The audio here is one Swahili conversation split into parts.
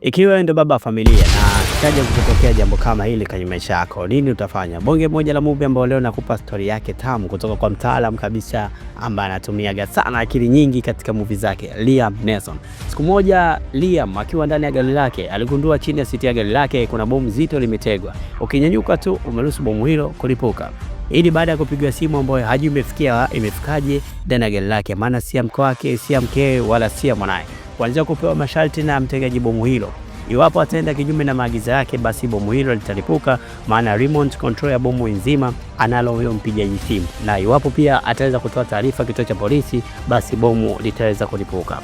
Ikiwa wewe ndio baba wa familia na kaja kutokea jambo kama hili kwenye maisha yako, nini utafanya? Bonge moja la movie ambayo leo nakupa story yake tamu kutoka kwa mtaalamu kabisa ambaye anatumiaga sana akili nyingi katika movie zake, Liam Neeson. Siku moja Liam akiwa ndani ya gari lake aligundua chini ya siti ya gari lake kuna bomu zito limetegwa, ukinyanyuka tu umeruhusu bomu hilo kulipuka ili baada ya kupigwa simu ambayo hajui imefikia imefikaje ndani ya gari lake, maana si ya mke wake, si ya mkee, wala si ya mwanaye kuanzia kupewa masharti na mtega bomu hilo. Iwapo ataenda kinyume na maagizo yake, basi bomu hilo litalipuka, maana remote control ya bomu nzima analo huyo mpigaji simu, na iwapo pia ataweza kutoa taarifa kituo cha polisi, basi bomu litaweza kulipuka.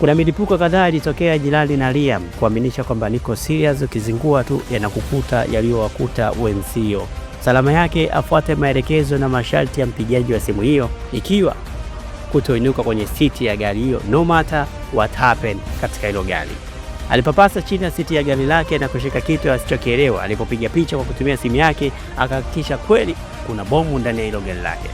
Kuna milipuko kadhaa ilitokea jirani na Liam, kuaminisha kwamba niko serious, ukizingua tu yanakukuta yaliyowakuta wenzio. Salama yake afuate maelekezo na masharti ya mpigaji wa simu hiyo, ikiwa kutoinuka kwenye siti ya gari hiyo, no matter what happen katika hilo gari. Alipapasa chini ya siti ya gari lake na kushika kitu asichokielewa alipopiga picha kwa kutumia simu yake, akahakikisha kweli kuna bomu ndani ya hilo gari lake.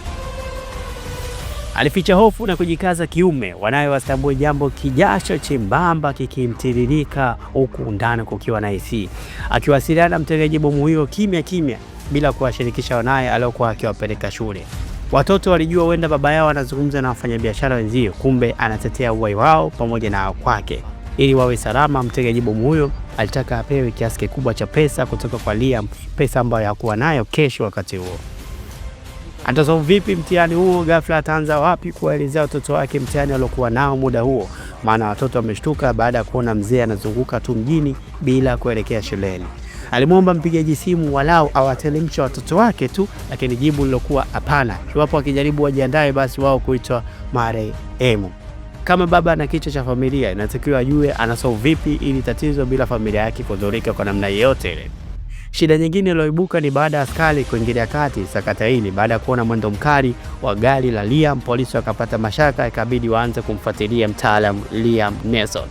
Alificha hofu na kujikaza kiume, wanawe wastambue jambo, kijasho chembamba kikimtiririka huku ndani kukiwa na hisia. Akiwasiliana mteleji bomu hiyo kimya kimya bila kuwashirikisha wanaye aliokuwa akiwapeleka shule. Watoto walijua huenda baba yao anazungumza na wafanyabiashara wenzio, kumbe anatetea uhai wao pamoja na kwake. Ili wawe salama, mtega jibomu huyo alitaka apewe kiasi kikubwa cha pesa kutoka kwa Liam, pesa ambayo hakuwa nayo kesho. Wakati huo atasomu vipi mtihani huo? Ghafla ataanza wapi kuwaelezea watoto wake mtihani aliokuwa nao muda huo? Maana watoto wameshtuka baada ya kuona mzee anazunguka tu mjini bila kuelekea shuleni. Alimwomba mpigaji simu walau awatelemsha watoto wake tu, lakini jibu lilokuwa hapana. Iwapo wakijaribu wajiandae basi wao kuitwa marehemu. Kama baba na kichwa cha familia, inatakiwa ajue anasolve vipi ili tatizo bila familia yake kudhurika kwa namna yeyote ile. Shida nyingine iliyoibuka ni baada ya askari kuingilia kati sakata hili. Baada ya kuona mwendo mkali wa gari la Liam, polisi wakapata mashaka, ikabidi waanze kumfuatilia mtaalamu Liam Nelson.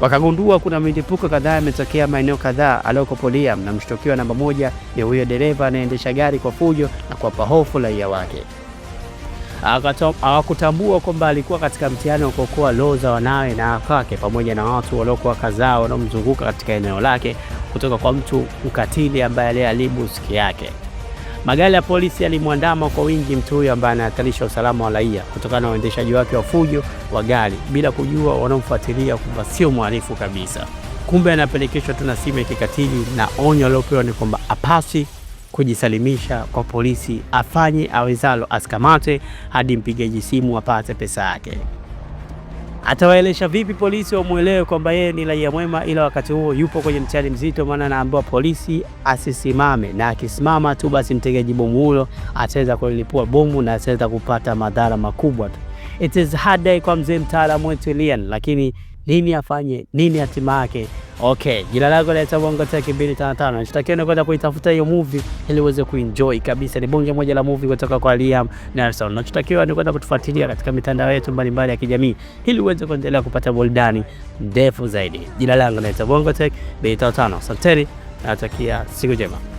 Wakagundua kuna milipuko kadhaa imetokea maeneo kadhaa aliyoko Liam, na mshtukiwa namba moja ni huyo dereva anaendesha gari kwa fujo na kuwapa hofu raia wake. Hawakutambua kwamba alikuwa katika mtihani wa kuokoa roho za wanawe na akake pamoja na watu waliokuwa kadhaa wanaomzunguka katika eneo lake kutoka kwa mtu mkatili ambaye aliharibu siku yake. Magari ya polisi yalimwandama kwa wingi mtu huyo ambaye anahatarisha usalama wa raia kutokana na uendeshaji wake wa fujo wa gari, bila kujua wanaomfuatilia kwamba sio mhalifu kabisa. Kumbe anapelekeshwa tu na simu ya kikatili, na onyo aliopewa ni kwamba apasi kujisalimisha kwa polisi, afanye awezalo asikamate hadi mpigaji simu apate pesa yake atawaelesha vipi polisi wamwelewe kwamba yeye ni raia mwema, ila wakati huo yupo kwenye mtihani mzito, maana anaambiwa polisi asisimame, na akisimama tu basi mtegaji bomu huyo ataweza kulipua bomu na ataweza kupata madhara makubwa tu. It is hard day kwa mzee mtaalamu wetu Lian, lakini nini afanye? Nini hatima yake? Okay, jina lako laita Bongo Tech 255. Nashtakiwa ni kwenda kuitafuta hiyo movie ili uweze kuenjoy kabisa. Ni bonge moja la movie kutoka kwa Liam Nelson. Nashtakiwa ni kwenda kutufuatilia katika mitandao yetu mbalimbali ya kijamii ili uweze kuendelea kupata burudani ndefu zaidi. Jina langu laita Bongo Tech 255. Asanteni, natakia siku njema.